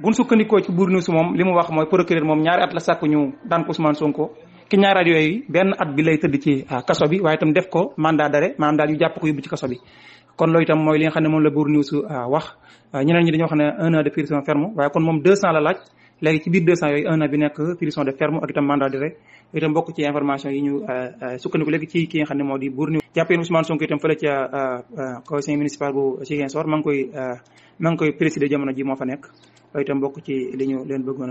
buñ sukkandikoo ci buur su moom li mu wax mooy procureur moom ñaari at la sàkku ñu daan ko Ousmane Sonko ki ñaari at yooyu benn at bi lay tëdd ci ah, kaso ko mandat d'arrêt ci kaso bi kon loolu itam mooy li nga xam ne moom la buur su ah, wax ah, ñeneen ñi dañoo xam moom deux cent ci biir deux cent yooyu un an bi nekk prison de ferme ak itam mandat d'arrêt ci information yi ñu sukkandiku léegi ci ki xam ne moo di buur niw jàpp yéen Ousmane Sonko itam fële ca conseil municipal bu Ziguinchor maa ngi koy ma ngi koy préciser jamono ji moo nekk waaye itam bokk ci li ñu leen bëggoon